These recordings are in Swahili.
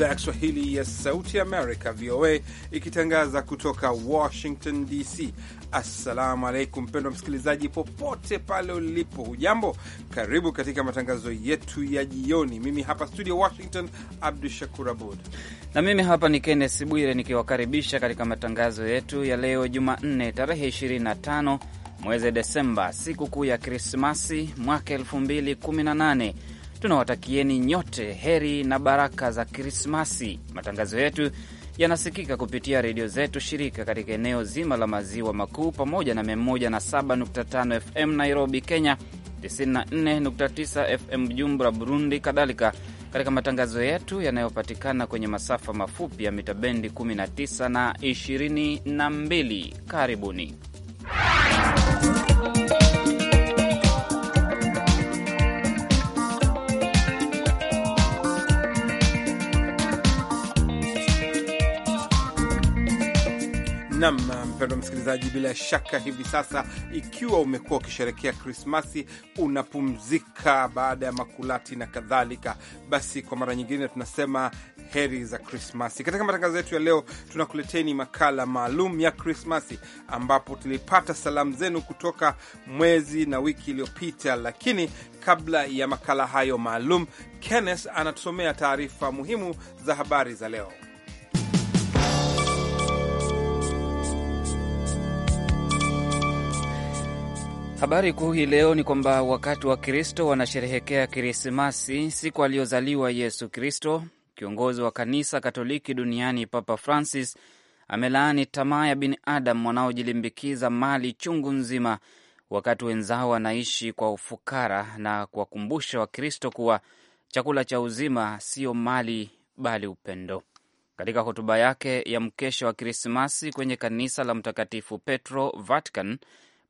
idhaa ya Kiswahili ya Sauti Amerika, VOA, ikitangaza kutoka Washington DC. Assalamu alaikum, mpendwa msikilizaji, popote pale ulipo, hujambo? Karibu katika matangazo yetu ya jioni. Mimi hapa studio Washington, Abdu Shakur Abud, na mimi hapa ni Kennes Bwire nikiwakaribisha katika matangazo yetu ya leo Jumanne tarehe 25 mwezi Desemba, siku kuu ya Krismasi mwaka 2018 tunawatakieni nyote heri na baraka za Krismasi. Matangazo yetu yanasikika kupitia redio zetu shirika katika eneo zima la maziwa makuu pamoja na 107.5 FM Nairobi, Kenya, 94.9 FM jumbra Burundi, kadhalika katika matangazo yetu yanayopatikana kwenye masafa mafupi ya mita bendi 19 na 22. Karibuni. Nam mpendwa msikilizaji, bila shaka hivi sasa, ikiwa umekuwa ukisherekea Krismasi, unapumzika baada ya makulati na kadhalika, basi kwa mara nyingine tunasema heri za Krismasi. Katika matangazo yetu ya leo, tunakuleteni makala maalum ya Krismasi ambapo tulipata salamu zenu kutoka mwezi na wiki iliyopita, lakini kabla ya makala hayo maalum, Kenneth anatusomea taarifa muhimu za habari za leo. Habari kuu hii leo ni kwamba wakati wa Kristo wanasherehekea Krismasi, siku aliyozaliwa Yesu Kristo, kiongozi wa kanisa Katoliki duniani Papa Francis amelaani tamaa ya binadamu wanaojilimbikiza mali chungu nzima wakati wenzao wanaishi kwa ufukara na kuwakumbusha Wakristo kuwa chakula cha uzima sio mali bali upendo. Katika hotuba yake ya mkesha wa Krismasi kwenye kanisa la Mtakatifu Petro, Vatican,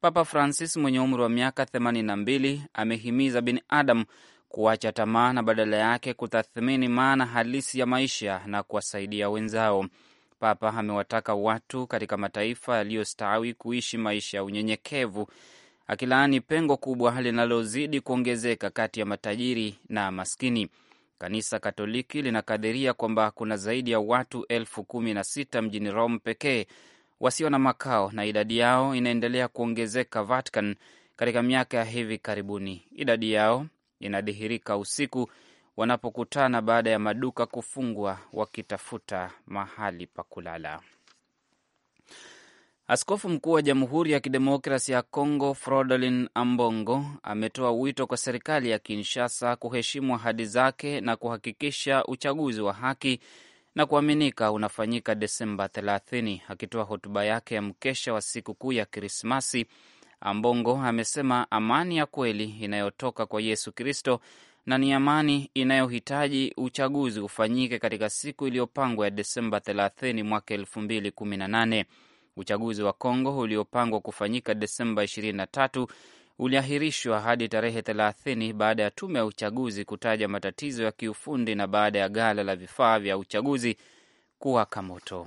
Papa Francis mwenye umri wa miaka 82 amehimiza binadamu kuacha tamaa na badala yake kutathmini maana halisi ya maisha na kuwasaidia wenzao. Papa amewataka watu katika mataifa yaliyostawi kuishi maisha ya unyenyekevu, akilaani pengo kubwa linalozidi kuongezeka kati ya matajiri na maskini. Kanisa Katoliki linakadhiria kwamba kuna zaidi ya watu elfu kumi na sita mjini Rome pekee wasio na makao na idadi yao inaendelea kuongezeka Vatican katika miaka ya hivi karibuni. Idadi yao inadhihirika usiku wanapokutana baada ya maduka kufungwa wakitafuta mahali pa kulala. Askofu mkuu wa Jamhuri ya Kidemokrasi ya congo Frodolin Ambongo ametoa wito kwa serikali ya Kinshasa kuheshimu ahadi zake na kuhakikisha uchaguzi wa haki na kuaminika unafanyika Desemba 30. Akitoa hotuba yake ya mkesha wa sikukuu ya Krismasi, Ambongo amesema amani ya kweli inayotoka kwa Yesu Kristo na ni amani inayohitaji uchaguzi ufanyike katika siku iliyopangwa ya Desemba 30 mwaka 2018. Uchaguzi wa Kongo uliopangwa kufanyika Desemba uliahirishwa hadi tarehe 30 baada ya tume ya uchaguzi kutaja matatizo ya kiufundi na baada ya ghala la vifaa vya uchaguzi kuwaka moto.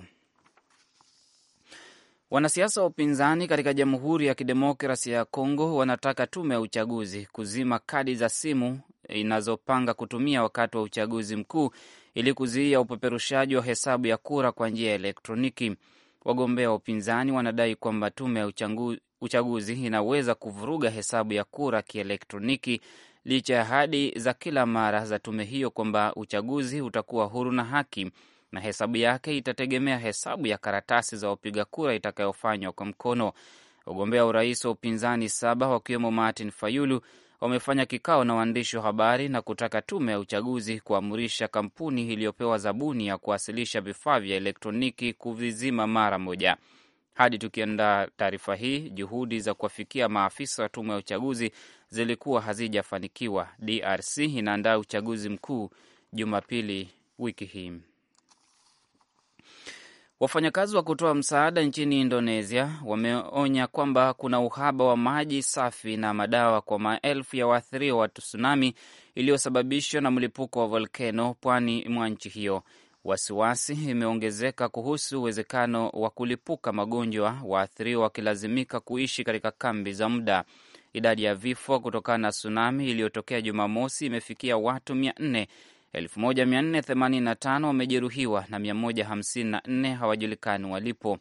Wanasiasa wa upinzani katika Jamhuri ya Kidemokrasia ya Kongo wanataka tume ya uchaguzi kuzima kadi za simu inazopanga kutumia wakati wa uchaguzi mkuu ili kuzuia upeperushaji wa hesabu ya kura kwa njia ya elektroniki. Wagombea wa upinzani wanadai kwamba tume ya uchaguzi inaweza kuvuruga hesabu ya kura kielektroniki licha ya ahadi za kila mara za tume hiyo kwamba uchaguzi utakuwa huru na haki na hesabu yake itategemea hesabu ya karatasi za wapiga kura itakayofanywa kwa mkono. Wagombea urais wa upinzani saba wakiwemo Martin Fayulu wamefanya kikao na waandishi wa habari na kutaka tume ya uchaguzi kuamrisha kampuni iliyopewa zabuni ya kuwasilisha vifaa vya elektroniki kuvizima mara moja. Hadi tukiandaa taarifa hii, juhudi za kuwafikia maafisa wa tume ya uchaguzi zilikuwa hazijafanikiwa. DRC inaandaa uchaguzi mkuu Jumapili wiki hii. Wafanyakazi wa kutoa msaada nchini Indonesia wameonya kwamba kuna uhaba wa maji safi na madawa kwa maelfu ya waathiriwa wa tsunami iliyosababishwa na mlipuko wa volkeno pwani mwa nchi hiyo. Wasiwasi imeongezeka kuhusu uwezekano wa kulipuka magonjwa, waathiriwa wakilazimika kuishi katika kambi za muda. Idadi ya vifo kutokana na tsunami iliyotokea Jumamosi imefikia watu mia nne 1485 wamejeruhiwa na 154 hawajulikani walipo.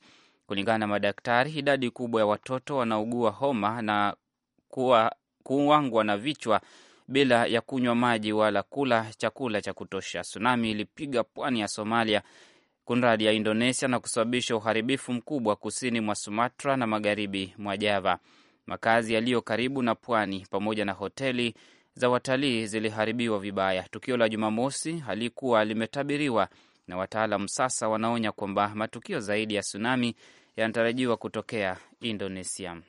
Kulingana na madaktari, idadi kubwa ya watoto wanaugua homa na kuwa kuwangwa na vichwa bila ya kunywa maji wala kula chakula cha kutosha. Tsunami ilipiga pwani ya Somalia, kunradi ya Indonesia na kusababisha uharibifu mkubwa kusini mwa Sumatra na magharibi mwa Java. Makazi yaliyo karibu na pwani pamoja na hoteli za watalii ziliharibiwa vibaya. Tukio la Jumamosi halikuwa limetabiriwa na wataalam sasa wanaonya kwamba matukio zaidi ya tsunami yanatarajiwa kutokea Indonesia.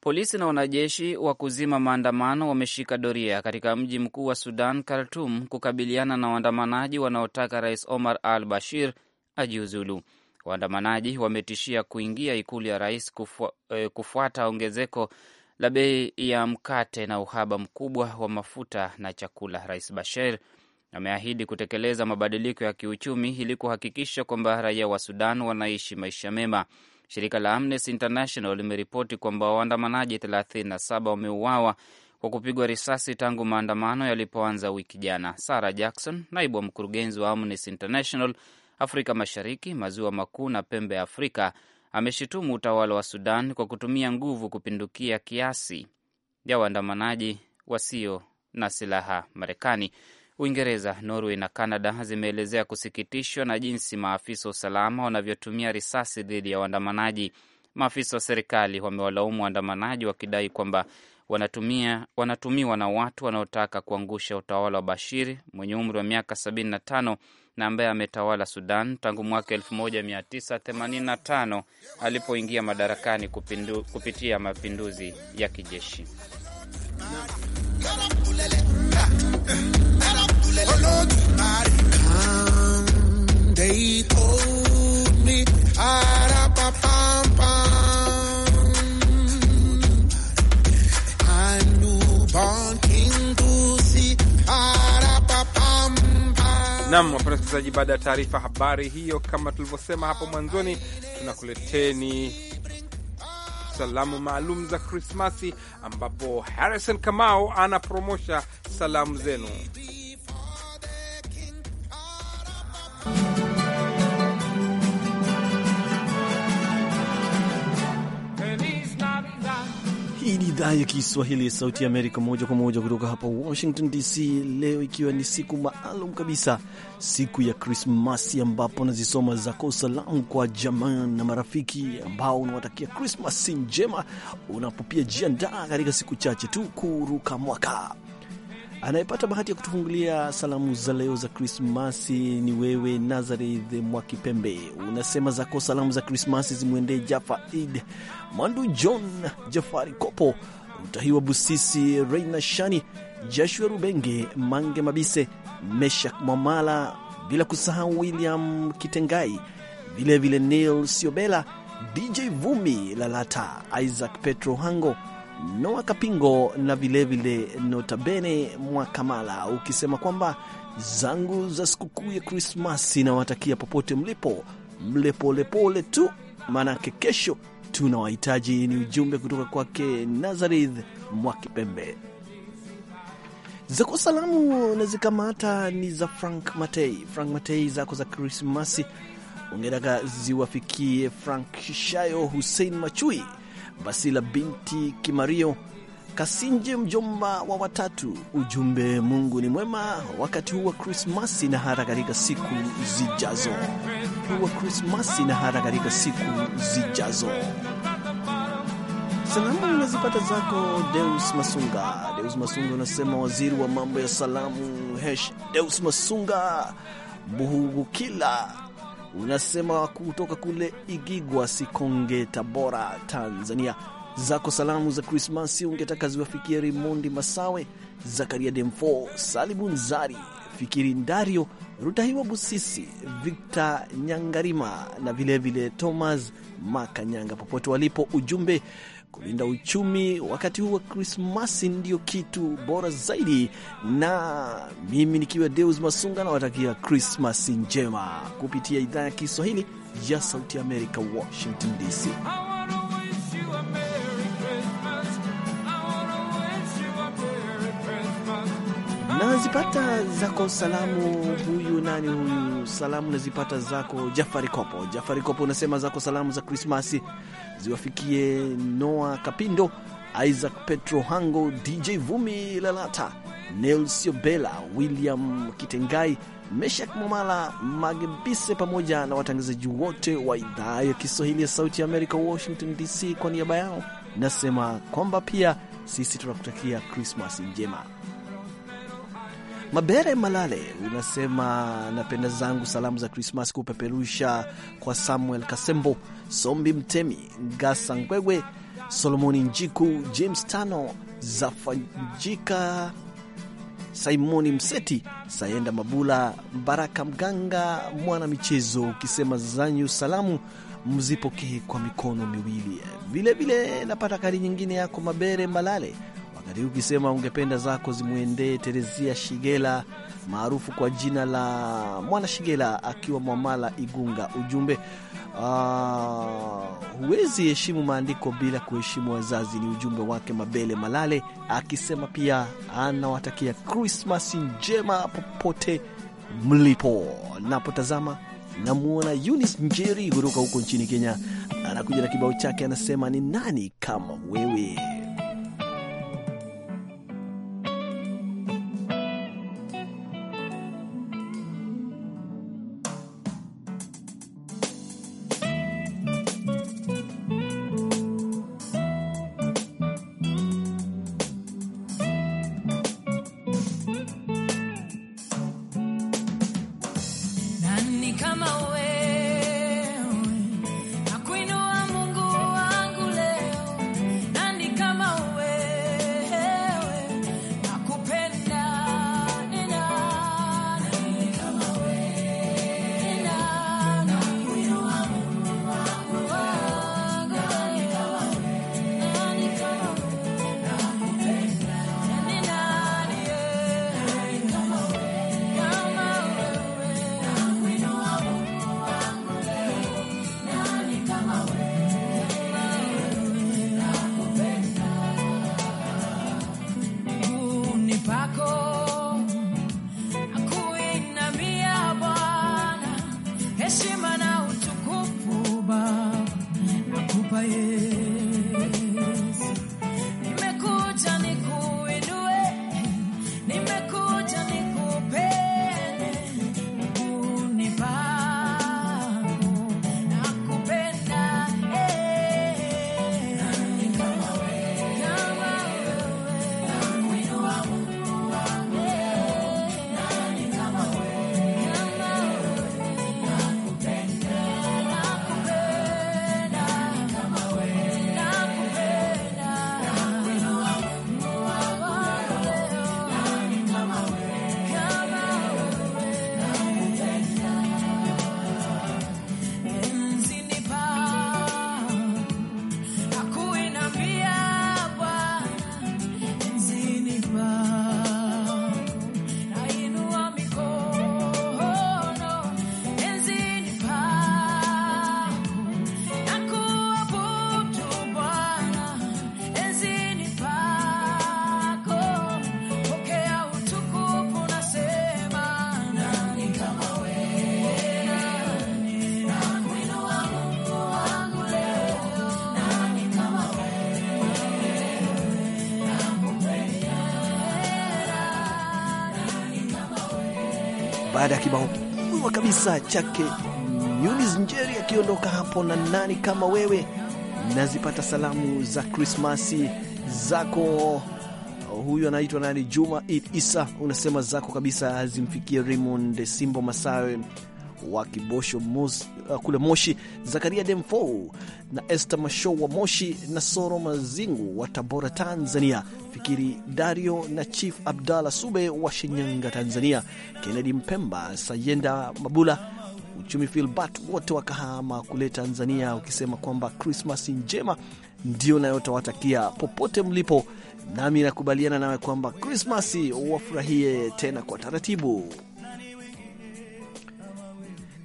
Polisi na wanajeshi wa kuzima maandamano wameshika doria katika mji mkuu wa Sudan, Khartum, kukabiliana na waandamanaji wanaotaka Rais Omar al Bashir ajiuzulu. Waandamanaji wametishia kuingia ikulu ya rais kufu, eh, kufuata ongezeko la bei ya mkate na uhaba mkubwa wa mafuta na chakula. Rais Bashir ameahidi kutekeleza mabadiliko ya kiuchumi ili kuhakikisha kwamba raia wa Sudan wanaishi maisha mema. Shirika la Amnesty International limeripoti kwamba waandamanaji 37 wameuawa kwa kupigwa risasi tangu maandamano yalipoanza wiki jana. Sara Jackson, naibu wa mkurugenzi wa Amnesty International Afrika Mashariki, Maziwa Makuu na Pembe ya Afrika, ameshutumu utawala wa Sudan kwa kutumia nguvu kupindukia kiasi ya waandamanaji wasio na silaha. Marekani, Uingereza, Norway na Canada zimeelezea kusikitishwa na jinsi maafisa wa usalama wanavyotumia risasi dhidi ya waandamanaji. Maafisa wa serikali wamewalaumu waandamanaji wakidai kwamba wanatumia, wanatumiwa na watu wanaotaka kuangusha utawala wa Bashir mwenye umri wa miaka sabini na tano na ambaye ametawala Sudan tangu mwaka 1985 alipoingia madarakani kupindu, kupitia mapinduzi ya kijeshi. Nam wapenda skilizaji, baada ya taarifa habari hiyo, kama tulivyosema hapo mwanzoni, tunakuleteni salamu maalum za Krismasi, ambapo Harrison Kamau anapromosha salamu zenu. Hii ni idhaa ya Kiswahili ya Sauti ya Amerika, moja kwa moja kutoka hapa Washington DC, leo ikiwa ni siku maalum kabisa, siku ya Krismasi, ambapo nazisoma zako salamu kwa jamaa na marafiki ambao unawatakia Krismasi njema, unapopia jiandaa katika siku chache tu kuruka mwaka. Anayepata bahati ya kutufungulia salamu za leo za Krismasi ni wewe Nazareth Mwakipembe. Unasema zako salamu za Krismasi zimwendee Jafa Id Mandu, John Jafari Kopo, Utahiwa Busisi, Reina Shani, Joshua Rubenge, Mange Mabise, Meshak Mwamala, bila kusahau William Kitengai, vilevile Neil Siobela, DJ Vumi Lalata, Isaac Petro Hango Noa Kapingo na vilevile Notabene Mwakamala, ukisema kwamba zangu za sikukuu ya Krismasi nawatakia popote mlipo mle polepole tu, maanake kesho tuna wahitaji Ni ujumbe kutoka kwake Nazareth Mwakipembe. Zako salamu na zikamata ni za Frank Matei. Frank Matei, zako za Krismasi ungetaka ziwafikie Frank Shayo, Hussein Machui Basila binti Kimario Kasinje, mjomba wa watatu. Ujumbe, Mungu ni mwema wakati huu wa Krismasi na hata katika siku zijazo, huu wa Krismasi na hata katika siku zijazo. Salamu unazipata zako Deus Masunga. Deus Masunga unasema waziri wa mambo ya salamu hesh Deus Masunga buhugukila unasema kutoka kule Igigwa, Sikonge, Tabora, Tanzania. Zako salamu za Krismasi ungetaka ziwafikie Rimondi Masawe, Zakaria Demfo, nzari Fikiri Ndario, Rutahiwa Busisi, Victor Nyangarima na vilevile Thomas Makanyanga, popote walipo. Ujumbe kulinda uchumi wakati huu wa Krismasi ndiyo kitu bora zaidi, na mimi nikiwa Deus Masunga nawatakia Krismasi njema kupitia idhaa ya Kiswahili ya Sauti Amerika, Washington DC. nazipata zako salamu. Huyu nani huyu? Salamu nazipata zako Jafari Kopo. Jafari Kopo unasema zako salamu za Krismasi ziwafikie Noa Kapindo, Isaac Petro Hango, DJ Vumi Lalata, Nelsio Bela, William Kitengai, Meshak Momala Magebise pamoja na watangazaji wote wa idhaa ya Kiswahili ya Sauti ya Amerika, Washington DC. Kwa niaba yao nasema kwamba pia sisi tunakutakia Krismasi njema. Mabere Malale unasema napenda zangu salamu za Krismas kupeperusha kwa Samuel Kasembo, Sombi Mtemi, Ngasa Ngwegwe, Solomoni Njiku, James Tano, Zafanjika, Simoni Mseti, Sayenda Mabula, Baraka Mganga, mwana michezo, ukisema zanyu salamu mzipokee kwa mikono miwili. Vilevile napata kari nyingine yako Mabere Malale wakati huu ukisema ungependa zako zimwendee Terezia Shigela maarufu kwa jina la Mwana Shigela akiwa Mwamala, Igunga. Ujumbe uh, huwezi heshimu maandiko bila kuheshimu wazazi, ni ujumbe wake Mabele Malale, akisema pia anawatakia crismas njema popote mlipo. Napotazama namwona Eunice Njeri kutoka huko nchini Kenya, anakuja na kibao chake, anasema ni nani kama wewe. baada ya kibao kikubwa kabisa chake Yunis Njeri akiondoka hapo na nani kama wewe. Nazipata salamu za Krismasi zako. Huyu anaitwa nani? Juma Id Isa, unasema zako kabisa zimfikie Raymond Simbo Masawe wa Kibosho uh, kule Moshi, Zakaria Demfo na Esther Masho wa Moshi na Soro Mazingu wa Tabora, Tanzania, Fikiri Dario na Chief Abdalla Sube wa Shinyanga, Tanzania, Kennedy Mpemba, Sayenda Mabula Uchumi Filbat wote wa Kahama kule Tanzania, ukisema kwamba Krismasi njema ndio nayotawatakia popote mlipo, nami nakubaliana nawe kwamba Krismasi wafurahie tena kwa taratibu.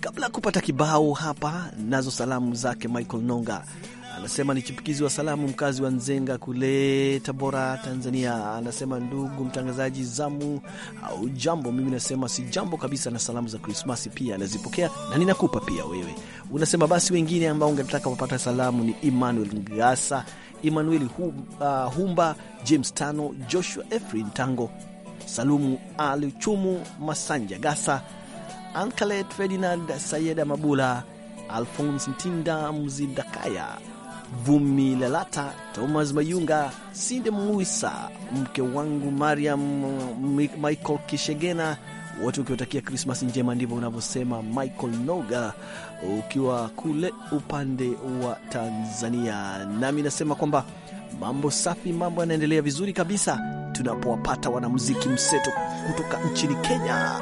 Kabla ya kupata kibao hapa, nazo salamu zake Michael Nonga anasema ni chipukizi wa salamu, mkazi wa Nzenga kule Tabora, Tanzania. Anasema ndugu mtangazaji, zamu au jambo? Mimi nasema si jambo kabisa, na salamu za Krismasi pia anazipokea na ninakupa pia wewe. Unasema basi wengine ambao ungetaka kupata salamu ni Emmanuel Ngasa, Emmanuel uh, Humba, James Tano, Joshua Efrin tango Salumu Aluchumu Masanja Gasa Ankalet Ferdinand Sayeda Mabula, Alphonse Ntinda Mzidakaya, Vumi Lalata, Thomas Mayunga, Sinde Muisa, mke wangu Mariam Michael Kishegena, wote ukiwatakia Krismas njema. Ndivyo unavyosema Michael Noga ukiwa kule upande wa Tanzania. Nami nasema kwamba mambo safi, mambo yanaendelea vizuri kabisa tunapowapata wanamuziki mseto kutoka nchini Kenya.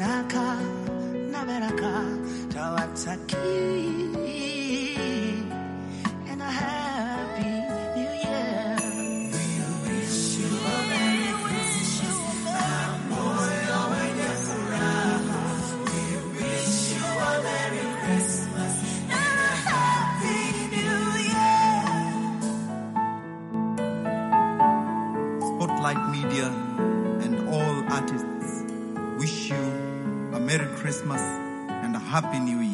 な滑らか川崎 Christmas and a Happy New Year.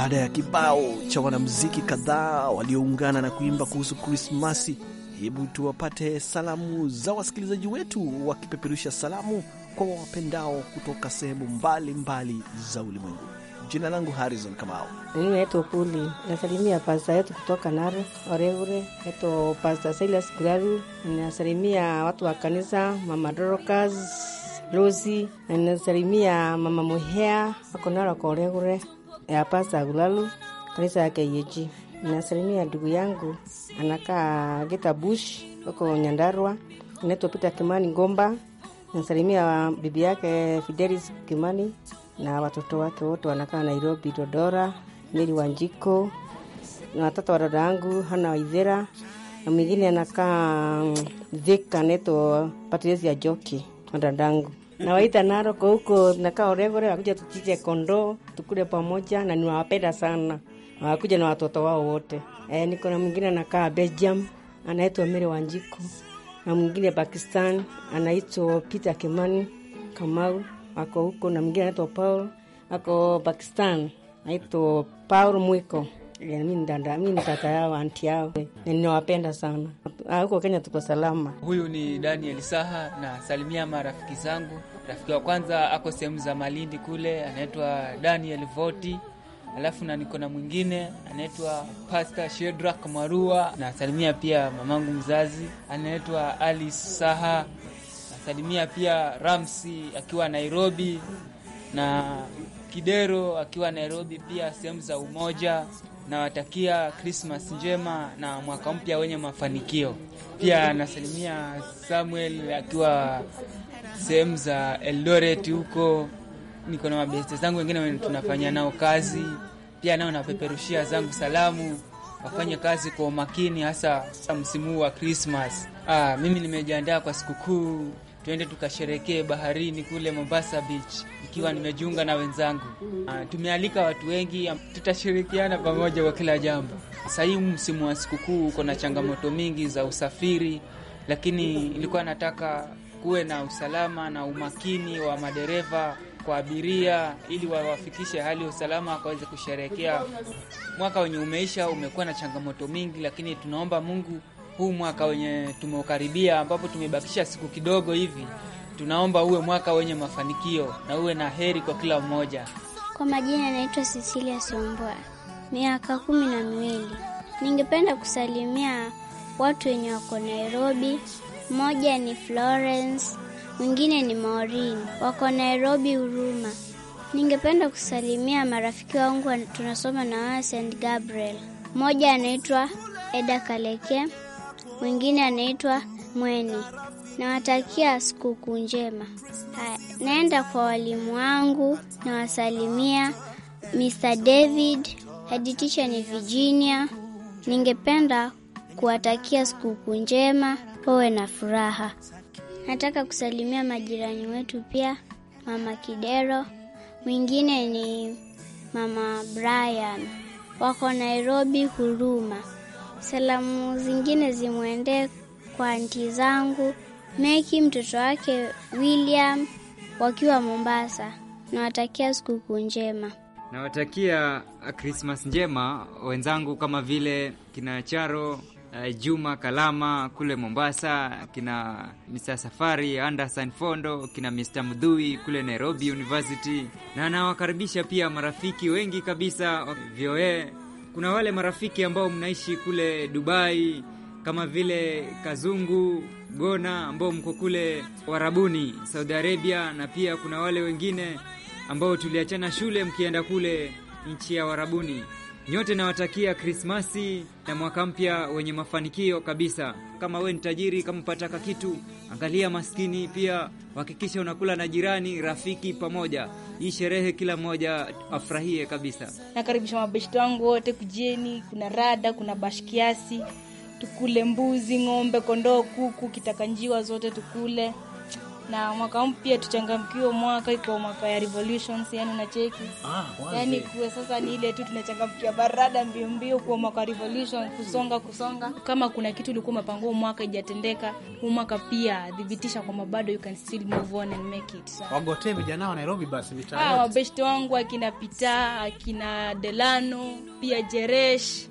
baada ya kibao cha wanamuziki kadhaa walioungana na kuimba kuhusu Krismasi, hebu tuwapate salamu za wasikilizaji wetu wakipeperusha salamu kwa wapendao kutoka sehemu mbalimbali za ulimwengu. Jina langu Harrison Kamau. Mimi naitwa Kuli, nasalimia pasta yetu kutoka Nare Orevure, naitwa Pasta Silas Kulari, nasalimia watu wa kanisa, Mama Dorokas Rosi, nasalimia Mama Muhea akonara kwa Orevure hapa Sagulalu, kanisa yake Yeji. Ninasalimia ndugu yangu anakaa Geta Bush huko Nyandarwa, inaitwa Pita Kimani Ngomba. Nasalimia bibi yake Fidelis Kimani na watoto wake wote wanakaa Nairobi, Dodora, Meri Wanjiko na watoto wa dada yangu Hana Waithera na mwingine anakaa mm, Thika anaitwa ya Joki na dadangu nawaita Naroko huko, nakaa Oregore, wakuja tuchinje kondoo tukule pamoja, na niwapenda sana. Wakuja na watoto wao wote. E, niko na mwingine anakaa Belgium anaitwa Mary Wanjiku, na mwingine Pakistan anaitwa Peter Kimani Kamau ako huko, na mwingine anaitwa Paul ako Pakistan, naitwa Paul Mwiko mi ni dada, mi ni yao, anti yao, ninawapenda sana. Ah, huko Kenya tuko salama. Huyu ni Daniel Saha na salimia marafiki zangu. Rafiki wa kwanza ako sehemu za Malindi kule, anaitwa Daniel Voti alafu na niko na mwingine anaitwa Pasta Shedrak Marua. Nasalimia pia mamangu mzazi anaitwa alis Saha. Nasalimia pia Ramsi akiwa Nairobi na Kidero akiwa Nairobi, pia sehemu za Umoja nawatakia Krismas njema na mwaka mpya wenye mafanikio. Pia nasalimia Samuel akiwa sehemu za Eldoret huko, niko na mabeste zangu wengine tunafanya nao kazi, pia nao napeperushia zangu salamu, wafanye kazi kwa umakini, hasa sa msimu huu wa Krismas. Ah, mimi nimejiandaa kwa sikukuu, tuende tukasherekee baharini kule Mombasa Beach nikiwa nimejiunga na wenzangu. Ah, tumealika watu wengi, tutashirikiana pamoja kwa kila jambo. sahii msimu wa sikukuu uko na changamoto mingi za usafiri, lakini ilikuwa nataka kuwe na usalama na umakini wa madereva kwa abiria ili wawafikishe hali ya usalama wakaweze kusherehekea. Mwaka wenye umeisha umekuwa na changamoto mingi, lakini tunaomba Mungu huu mwaka wenye tumeukaribia, ambapo tumebakisha siku kidogo hivi, Tunaomba uwe mwaka wenye mafanikio na uwe na heri kwa kila mmoja. Kwa majina anaitwa Cecilia Sombwa, miaka kumi na miwili. Ningependa kusalimia watu wenye wako Nairobi. Mmoja ni Florence, mwingine ni Maureen, wako Nairobi Huruma. Ningependa kusalimia marafiki wangu tunasoma na wao St Gabriel. Mmoja anaitwa Eda Kaleke, mwingine anaitwa Mweni. Nawatakia sikukuu njema. Haya, naenda kwa walimu wangu, nawasalimia Mr David, head teacher ni Virginia. Ningependa kuwatakia sikukuu njema, wawe na furaha. Nataka kusalimia majirani wetu pia, mama Kidero, mwingine ni mama Brian, wako Nairobi Huruma. Salamu zingine zimwendee kwa anti zangu Meki mtoto wake William wakiwa Mombasa. Nawatakia sikukuu njema, nawatakia Krismas njema wenzangu, kama vile kina Charo uh, Juma Kalama kule Mombasa, kina Mr Safari Anderson Fondo, kina Mr Mdhui kule Nairobi University, na nawakaribisha pia marafiki wengi kabisa vioe. Kuna wale marafiki ambao mnaishi kule Dubai kama vile Kazungu Gona ambao mko kule Warabuni Saudi Arabia, na pia kuna wale wengine ambao tuliachana shule mkienda kule nchi ya Warabuni. Nyote nawatakia Krismasi na mwaka mpya wenye mafanikio kabisa. Kama we ni tajiri, kama pataka kitu, angalia maskini pia, hakikisha unakula na jirani, rafiki pamoja. Hii sherehe kila mmoja afurahie kabisa. Nakaribisha mabeshte wangu wote, kujeni. Kuna Rada, kuna Bashkiasi tukule mbuzi, ng'ombe, kondoo, kuku, kitakanjiwa zote tukule. Na mwaka mpya tuchangamkiwe, mwaka iko mwaka ya revolutions, yani cheki Ah, yani kuwe sasa ni ile tu tunachangamkia barada mbio mbio kwa mwaka revolution, kusonga kusonga. Kama kuna kitu ulikuwa umepangua mwaka ijatendeka, huu mwaka pia dhibitisha kwamba bado you can still move on and make it. So, wagotee vijana wa Nairobi basi mitaani. Ah, wabeshte wangu akina Pita, akina Delano, pia Jeresh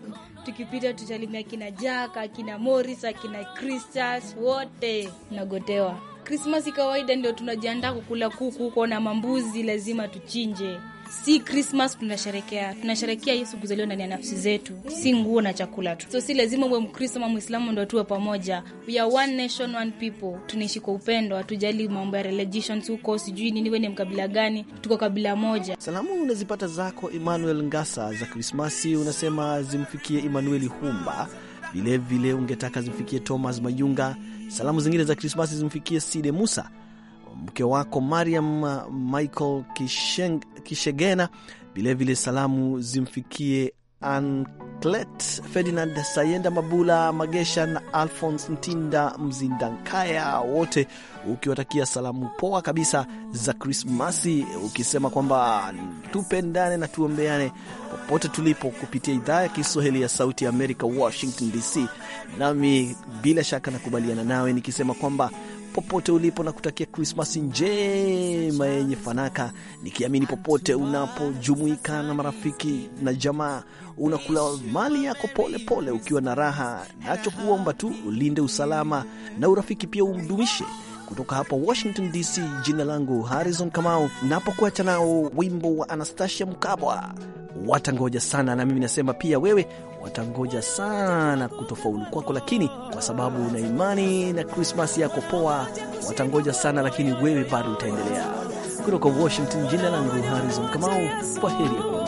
tukipita tutalimia kina Jack, akina Morris, akina cristas wote nagotewa. Krismasi kawaida ndio tunajiandaa kukula kuku huko na mambuzi, lazima tuchinje si krismas tunasherekea, tunasherekea Yesu kuzaliwa ndani ya nafsi zetu, si nguo na chakula tu. So si lazima uwe Mkristo ama Mwislamu ndo tuwe pamoja. We are one nation, one people. Tunaishi kwa upendo, hatujali mambo ya religions huko, sijui nini, wewe ni mkabila gani, tuko kabila moja. Salamu unazipata zako Emmanuel Ngasa za Krismasi, unasema zimfikie Emmanuel Humba vilevile ungetaka zimfikie Thomas Mayunga. Salamu zingine za Krismasi zimfikie Side Musa mke wako Mariam uh, Michael Kisheng, Kishegena. Vilevile salamu zimfikie Anclet Ferdinand Sayenda Mabula Magesha na Alphons Ntinda Mzindankaya, wote ukiwatakia salamu poa kabisa za Krismasi, ukisema kwamba tupendane na tuombeane popote tulipo kupitia idhaa ya Kiswahili ya Sauti ya Amerika, Washington DC. Nami bila shaka nakubaliana nawe nikisema kwamba popote ulipo na kutakia Krismasi njema yenye fanaka, nikiamini popote unapojumuika na marafiki na jamaa unakula mali yako pole pole, ukiwa na raha. Nachokuomba tu ulinde usalama na urafiki pia umdumishe. Kutoka hapa Washington DC, jina langu Harrison Kamau, napokuacha nao wimbo wa Anastasia Mkabwa watangoja sana, na mimi nasema pia wewe watangoja sana kutofaulu kwako, lakini kwa sababu una imani na krismas yako poa, watangoja sana lakini wewe bado utaendelea. Kutoka Washington, jina langu Harizon Kamau, kwa heri.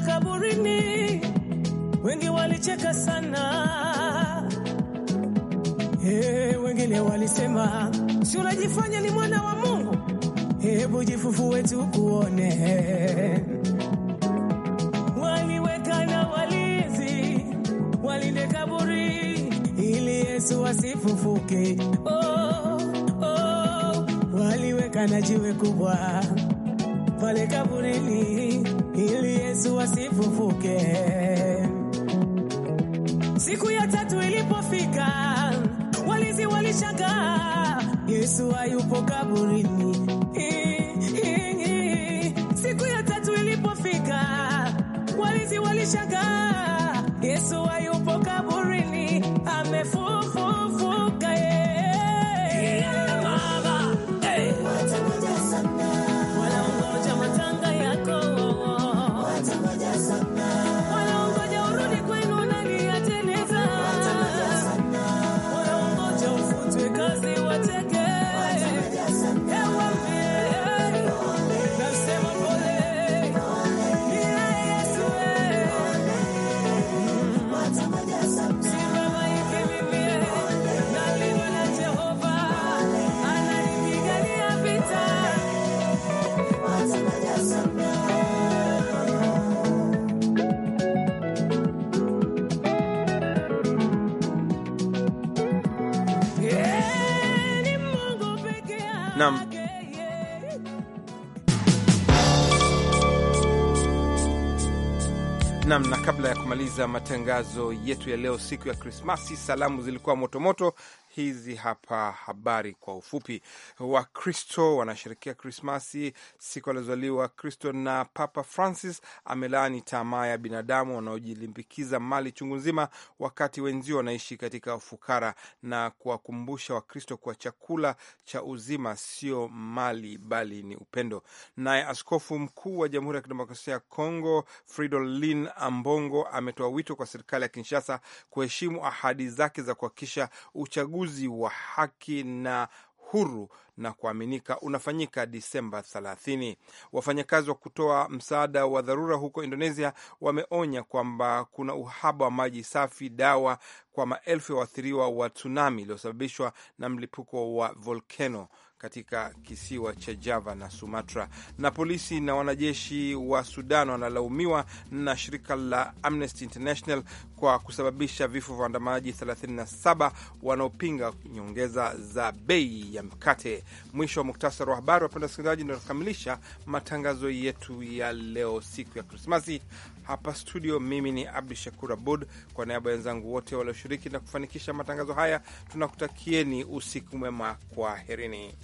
kaburini, wengi walicheka sana. Hey, eh, wengine walisema si unajifanya ni mwana wa Mungu, hebu jifufue kuone. Waliweka na walinzi walinde kaburi ili Yesu asifufuke. Oh, oh, waliweka na jiwe kubwa pale kaburini ili Yesu asifufuke. Siku ya tatu ilipofika, walinzi walishangaa, Yesu hayupo kaburini. Siku ya tatu ilipofika, walinzi walishangaa Nam, na kabla ya kumaliza matangazo yetu ya leo, siku ya Krismasi, salamu zilikuwa motomoto, hizi hapa habari kwa ufupi. Wakristo wanasherekea Krismasi, siku aliozaliwa Kristo, na Papa Francis amelaani tamaa ya binadamu wanaojilimbikiza mali chungu nzima, wakati wenzio wanaishi katika ufukara na kuwakumbusha Wakristo kuwa chakula cha uzima sio mali, bali ni upendo. Naye askofu mkuu wa Jamhuri ya Kidemokrasia ya Kongo Fridolin Ambongo ametoa wito kwa serikali ya Kinshasa kuheshimu ahadi zake za kuhakikisha uchaguzi uchaguzi wa haki na huru na kuaminika unafanyika Disemba 30. Wafanyakazi wa kutoa msaada wa dharura huko Indonesia wameonya kwamba kuna uhaba wa maji safi, dawa kwa maelfu ya waathiriwa wa tsunami iliyosababishwa na mlipuko wa volkeno katika kisiwa cha Java na Sumatra. Na polisi na wanajeshi wa Sudan wanalaumiwa na shirika la Amnesty International kwa kusababisha vifo vya waandamanaji 37 wanaopinga nyongeza za bei ya mkate. Mwisho wa muktasari wa habari. Wapenda wasikilizaji, ndio tunakamilisha matangazo yetu ya leo, siku ya Krismasi. Hapa studio, mimi ni Abdu Shakur Abud, kwa niaba ya wenzangu wote walioshiriki na kufanikisha matangazo haya, tunakutakieni usiku mwema. Kwaherini.